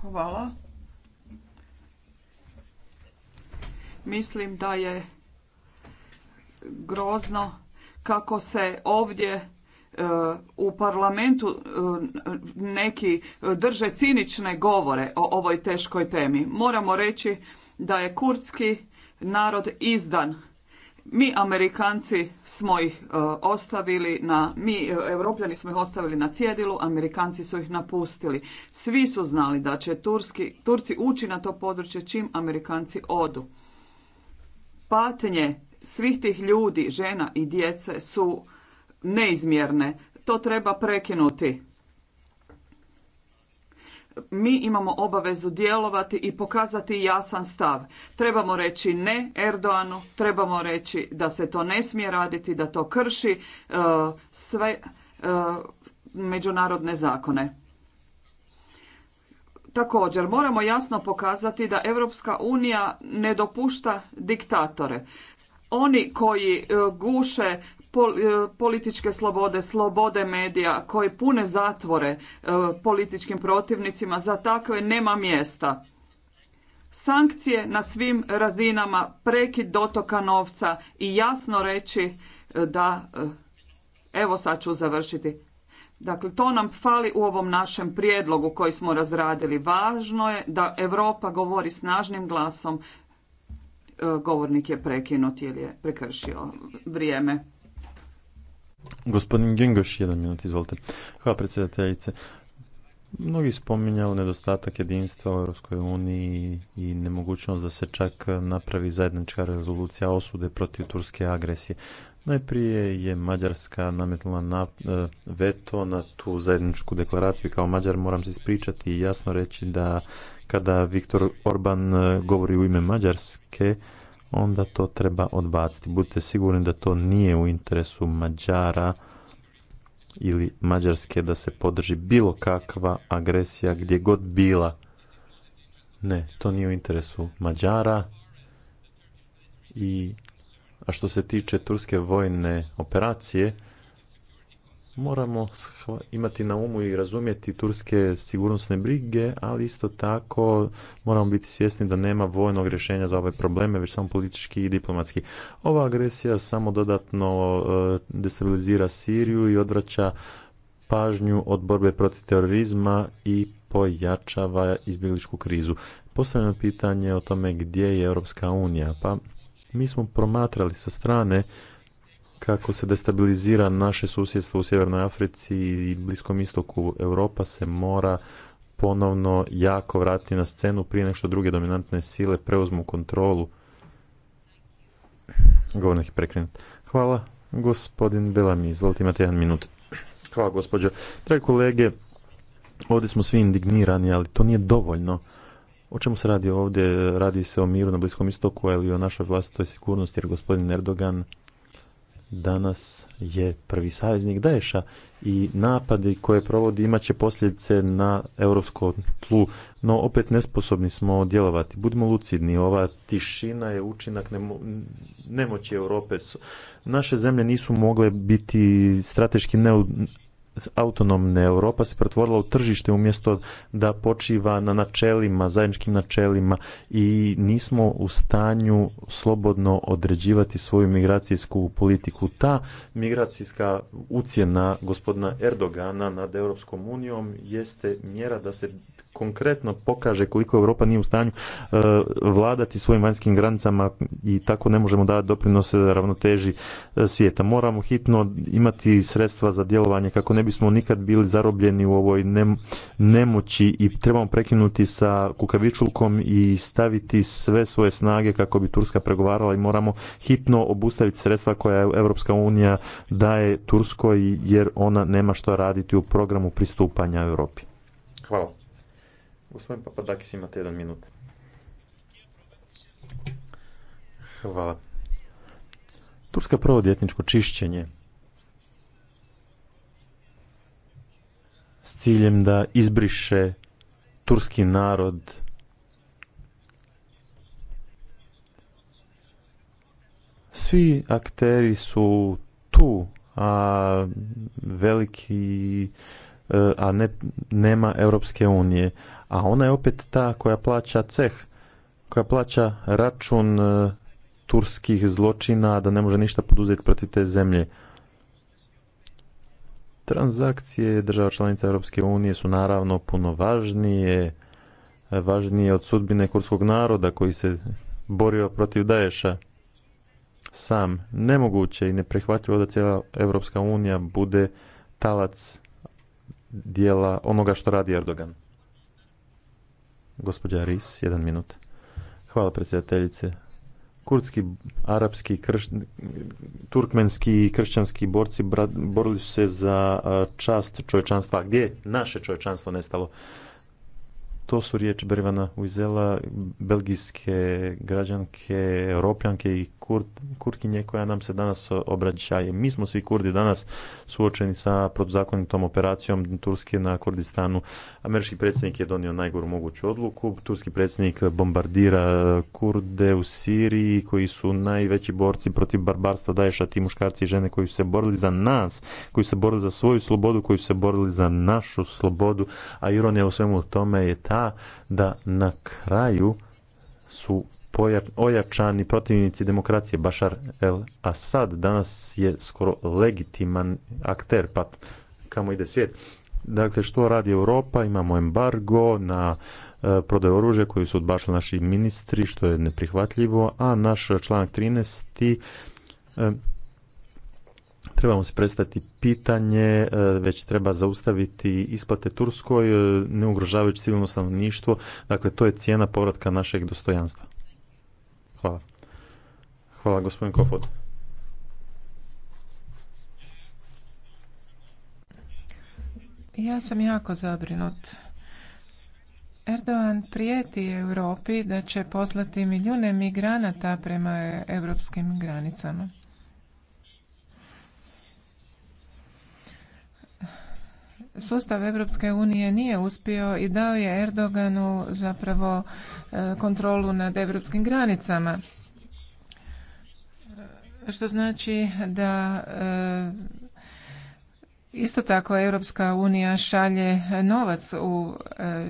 Hvala. Mislim da je grozno kako se ovdje e, u parlamentu e, neki drže cinične govore o ovoj teškoj temi. Moramo reći da je kurdski narod izdan. Mi Amerikanci smo ih e, ostavili na, mi Europljani smo ih ostavili na cjedilu, Amerikanci su ih napustili. Svi su znali da će Turski, Turci ući na to područje čim Amerikanci odu patnje svih tih ljudi, žena i djece su neizmjerne. To treba prekinuti. Mi imamo obavezu djelovati i pokazati jasan stav. Trebamo reći ne Erdoanu, trebamo reći da se to ne smije raditi, da to krši eh, sve eh, međunarodne zakone. Također, moramo jasno pokazati da Europska unija ne dopušta diktatore. Oni koji e, guše e, političke slobode, slobode medija, koji pune zatvore e, političkim protivnicima, za takve nema mjesta. Sankcije na svim razinama, prekid dotoka novca i jasno reći da, evo sad ću završiti, Dakle, to nam fali u ovom našem prijedlogu koji smo razradili. Važno je da Europa govori snažnim glasom. E, govornik je prekinut ili je prekršio vrijeme. Gospodin Gengoš, jedan minut, izvolite. Hvala predsjedateljice. Mnogi spominjali nedostatak jedinstva u Europskoj uniji i nemogućnost da se čak napravi zajednička rezolucija osude protiv turske agresije. Najprije je Mađarska nametnula e, veto na tu zajedničku deklaraciju kao Mađar moram se ispričati i jasno reći da kada Viktor Orban e, govori u ime Mađarske, onda to treba odbaciti. Budite sigurni da to nije u interesu Mađara ili Mađarske da se podrži bilo kakva agresija gdje god bila. Ne, to nije u interesu Mađara i a što se tiče turske vojne operacije, moramo imati na umu i razumjeti turske sigurnosne brige, ali isto tako moramo biti svjesni da nema vojnog rješenja za ove probleme, već samo politički i diplomatski. Ova agresija samo dodatno e, destabilizira Siriju i odvraća pažnju od borbe protiv terorizma i pojačava izbjegličku krizu. Postavljeno pitanje o tome gdje je Europska unija, pa mi smo promatrali sa strane kako se destabilizira naše susjedstvo u Sjevernoj Africi i Bliskom istoku. Europa se mora ponovno jako vratiti na scenu prije nego što druge dominantne sile preuzmu kontrolu. Govornik je prekrenut. Hvala, gospodin Belami. Izvolite, imate jedan minut. Hvala, gospođo. Dragi kolege, ovdje smo svi indignirani, ali to nije dovoljno. O čemu se radi ovdje? Radi se o miru na Bliskom istoku ili o našoj vlastitoj sigurnosti jer gospodin Erdogan danas je prvi saveznik Daesha i napadi koje provodi imat će posljedice na europsko tlu, no opet nesposobni smo djelovati. Budimo lucidni, ova tišina je učinak nemoći Europe. Naše zemlje nisu mogle biti strateški ne autonomne Europa se pretvorila u tržište umjesto da počiva na načelima, zajedničkim načelima i nismo u stanju slobodno određivati svoju migracijsku politiku. Ta migracijska ucjena gospodina Erdogana nad Europskom unijom jeste mjera da se konkretno pokaže koliko Europa nije u stanju eh, vladati svojim vanjskim granicama i tako ne možemo dati doprinos ravnoteži eh, svijeta. Moramo hitno imati sredstva za djelovanje kako ne bismo nikad bili zarobljeni u ovoj nemoći i trebamo prekinuti sa kukavičulkom i staviti sve svoje snage kako bi Turska pregovarala i moramo hitno obustaviti sredstva koja Europska unija daje Turskoj jer ona nema što raditi u programu pristupanja Europi. Hvala. Gospodin Papadakis, imate jedan minut. Hvala. Turska provodi etničko čišćenje s ciljem da izbriše turski narod svi akteri su tu, a veliki a ne, nema Europske unije. A ona je opet ta koja plaća ceh, koja plaća račun e, turskih zločina, da ne može ništa poduzeti protiv te zemlje. Transakcije država članica Europske unije su naravno puno važnije, važnije od sudbine kurskog naroda koji se borio protiv Daesha sam. Nemoguće i neprihvatljivo da cijela Europska unija bude talac dijela onoga što radi Erdogan. Gospodja Ris, jedan minut. Hvala predsjedateljice. Kurdski, arapski, krš, turkmenski i kršćanski borci borili su se za čast čovječanstva. Gdje je naše čovječanstvo nestalo? To su riječi Brvana Uizela, belgijske građanke, europljanke i kur, kurkinje koja nam se danas obraćaje. Mi smo svi kurdi danas suočeni sa protuzakonitom operacijom Turske na Kurdistanu. Američki predsjednik je donio najgoru moguću odluku. Turski predsjednik bombardira e, kurde u Siriji koji su najveći borci protiv barbarstva Daješa, ti muškarci i žene koji su se borili za nas, koji su se borili za svoju slobodu, koji su se borili za našu slobodu. A ironija u svemu tome je ta da na kraju su ojačani protivnici demokracije Bashar el-Assad danas je skoro legitiman akter pa kamo ide svijet dakle što radi Europa imamo embargo na e, prodaju oružja koju su odbašli naši ministri što je neprihvatljivo a naš članak 13. E, Trebamo se predstaviti pitanje, e, već treba zaustaviti isplate Turskoj, e, ne ugrožavajući civilno stanovništvo. Dakle, to je cijena povratka našeg dostojanstva. Hvala. Hvala, gospodin Kofod. Ja sam jako zabrinut. Erdogan prijeti Europi da će poslati milijune migranata prema europskim granicama. sustav Europske unije nije uspio i dao je Erdoganu zapravo e, kontrolu nad europskim granicama. Što znači da e, Isto tako Europska unija šalje novac u e,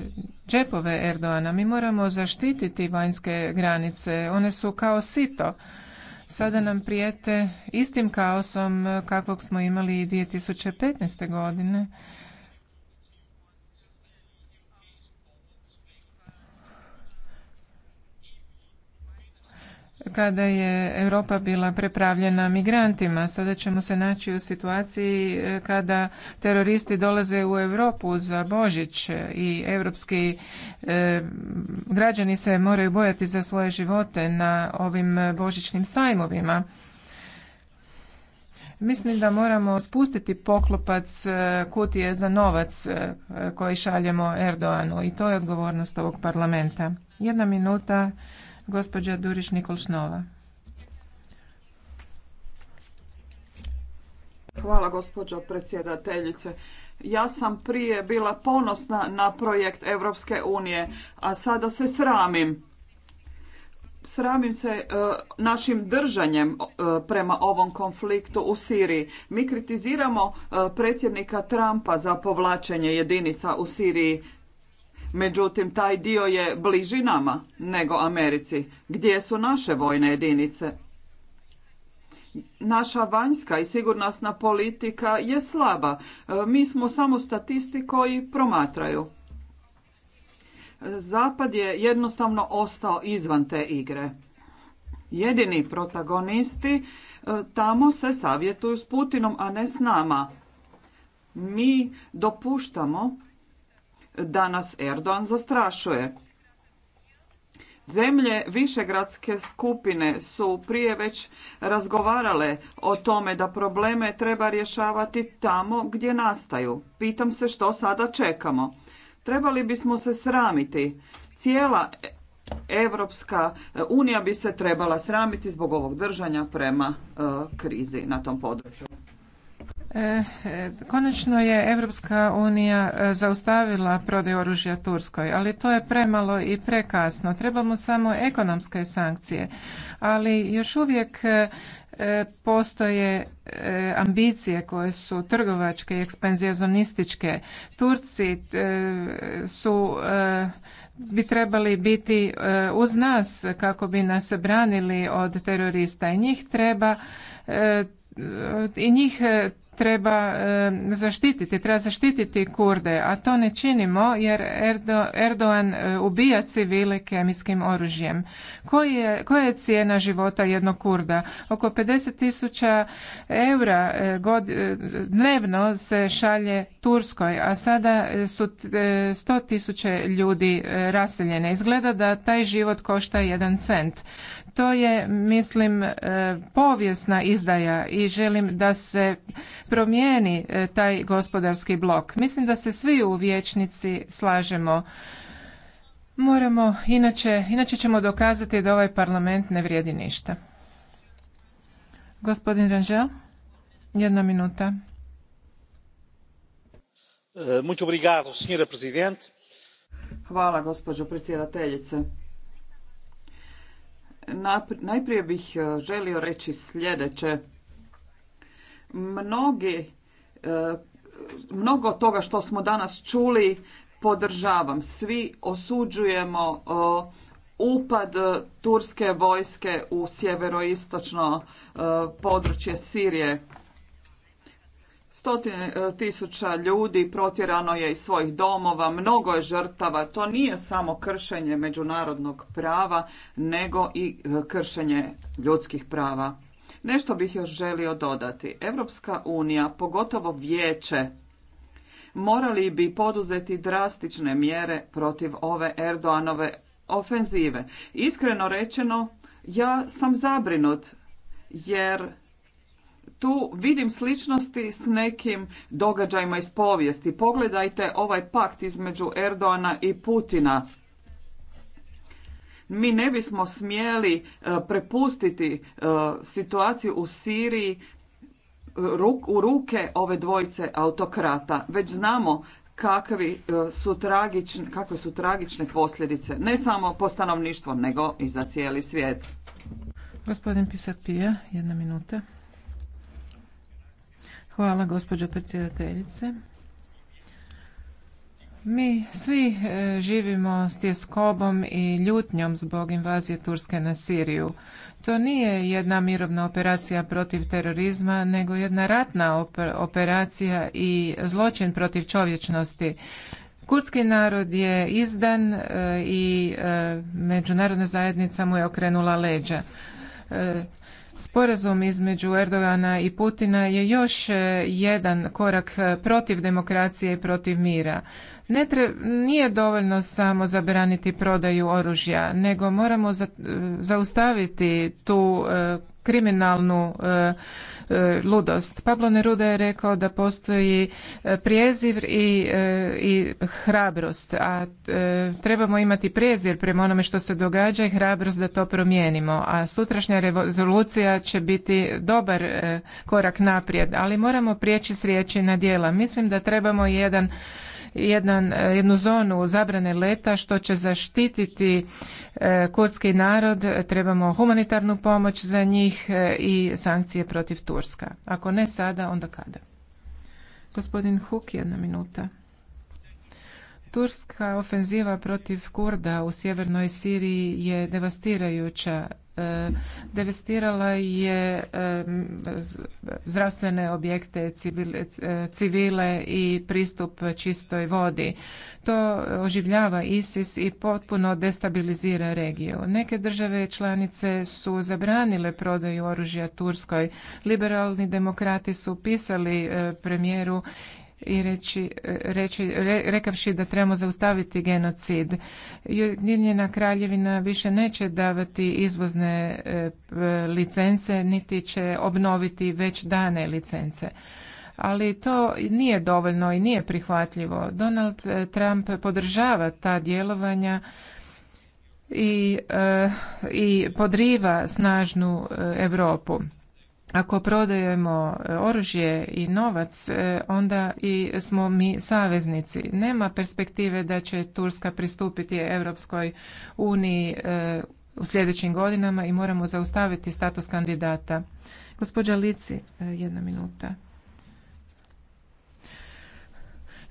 džepove Erdoana. Mi moramo zaštititi vanjske granice. One su kao sito. Sada nam prijete istim kaosom kakvog smo imali 2015. godine kada je Europa bila prepravljena migrantima. Sada ćemo se naći u situaciji e, kada teroristi dolaze u Europu za Božić e, i europski e, građani se moraju bojati za svoje živote na ovim božićnim sajmovima. Mislim da moramo spustiti poklopac kutije za novac koji šaljemo Erdoanu i to je odgovornost ovog parlamenta. Jedna minuta Gospođa Duriš Nikolšnova. Hvala gospođo predsjedateljice. Ja sam prije bila ponosna na projekt Europske unije, a sada se sramim. Sramim se e, našim držanjem e, prema ovom konfliktu u Siriji. Mi kritiziramo e, predsjednika Trumpa za povlačenje jedinica u Siriji, Međutim, taj dio je bliži nama nego Americi. Gdje su naše vojne jedinice? Naša vanjska i sigurnosna politika je slaba. E, mi smo samo statisti koji promatraju. Zapad je jednostavno ostao izvan te igre. Jedini protagonisti e, tamo se savjetuju s Putinom, a ne s nama. Mi dopuštamo da nas Erdogan zastrašuje. Zemlje višegradske skupine su prije već razgovarale o tome da probleme treba rješavati tamo gdje nastaju. Pitam se što sada čekamo. Trebali bismo se sramiti. Cijela Evropska unija bi se trebala sramiti zbog ovog držanja prema e, krizi na tom području. E, e, konačno je Evropska unija e, zaustavila prodaju oružja Turskoj, ali to je premalo i prekasno. Trebamo samo ekonomske sankcije, ali još uvijek postoje ambicije koje su trgovačke i ekspenzionističke. Turci su bi trebali biti uz nas kako bi nas branili od terorista i njih treba i njih treba eh, zaštititi, treba zaštititi kurde, a to ne činimo jer Erdo, Erdogan eh, ubija civile kemijskim oružjem. je, koja je cijena života jednog kurda? Oko 50 tisuća eura eh, dnevno se šalje Turskoj, a sada su 100 tisuće ljudi raseljene. Izgleda da taj život košta jedan cent. To je, mislim, e, povijesna izdaja i želim da se promijeni e, taj gospodarski blok. Mislim da se svi u vječnici slažemo. Moramo, inače, inače ćemo dokazati da ovaj parlament ne vrijedi ništa. Gospodin Ranžel, jedna minuta. E, Hvala, gospođo predsjedateljice Najprije bih e, želio reći sljedeće. Mnogi, e, mnogo toga što smo danas čuli podržavam. Svi osuđujemo e, upad turske vojske u sjeveroistočno područje Sirije. Stotine e, tisuća ljudi protjerano je iz svojih domova, mnogo je žrtava. To nije samo kršenje međunarodnog prava, nego i e, kršenje ljudskih prava. Nešto bih još želio dodati. Europska unija, pogotovo vijeće, morali bi poduzeti drastične mjere protiv ove Erdoanove ofenzive. Iskreno rečeno, ja sam zabrinut jer tu vidim sličnosti s nekim događajima iz povijesti. Pogledajte ovaj pakt između Erdoana i Putina. Mi ne bismo smjeli e, prepustiti e, situaciju u Siriji e, u ruke ove dvojice autokrata. Već znamo kakvi su kakve su tragične posljedice, ne samo po stanovništvo, nego i za cijeli svijet. Gospodin Pisapija, jedna minuta. Hvala gospođo predsjedateljice. Mi svi e, živimo s tjeskobom i ljutnjom zbog invazije Turske na Siriju. To nije jedna mirovna operacija protiv terorizma, nego jedna ratna operacija i zločin protiv čovječnosti. Kurdski narod je izdan e, i e, međunarodna zajednica mu je okrenula leđa. Sporazum između Erdogana i Putina je još e, jedan korak e, protiv demokracije i protiv mira. Ne nije dovoljno samo zabraniti prodaju oružja, nego moramo e, zaustaviti tu e, kriminalnu e, ludost. Pablo Neruda je rekao da postoji prijeziv i, i hrabrost, a trebamo imati prijezir prema onome što se događa i hrabrost da to promijenimo. A sutrašnja rezolucija će biti dobar korak naprijed, ali moramo prijeći s riječi na djela. Mislim da trebamo jedan jedan, e, jednu zonu zabrane leta što će zaštititi e, kurdski narod. Trebamo humanitarnu pomoć za njih e, i sankcije protiv Turska. Ako ne sada, onda kada? Gospodin Huk, jedna minuta. Turska ofenziva protiv Kurda u sjevernoj Siriji je devastirajuća. E, Devastirala je e, zdravstvene objekte, e, civile i pristup čistoj vodi. To oživljava ISIS i potpuno destabilizira regiju. Neke države članice su zabranile prodaju oružja Turskoj. Liberalni demokrati su pisali premijeru i reći, rekavši da trebamo zaustaviti genocid. Ujedinjena kraljevina više neće davati izvozne e, licence, niti će obnoviti već dane licence ali to nije dovoljno i nije prihvatljivo. Donald e, Trump podržava ta djelovanja i, e, i podriva snažnu Europu ako prodajemo e, oružje i novac, e, onda i smo mi saveznici. Nema perspektive da će Turska pristupiti Europskoj uniji e, u sljedećim godinama i moramo zaustaviti status kandidata. Gospođa Lici, jedna minuta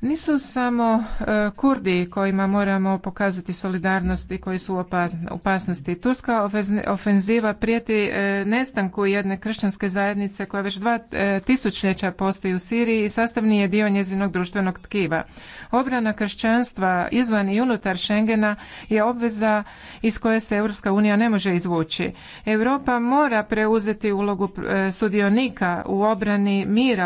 nisu samo e, Kurdi kojima moramo pokazati solidarnost i koji su u opasnosti. Turska ofenziva prijeti e, nestanku jedne kršćanske zajednice koja već dva e, tisućljeća postoji u Siriji i sastavni je dio njezinog društvenog tkiva. Obrana kršćanstva izvan i unutar Schengena je obveza iz koje se Europska unija ne može izvući. Europa mora preuzeti ulogu sudionika u obrani mira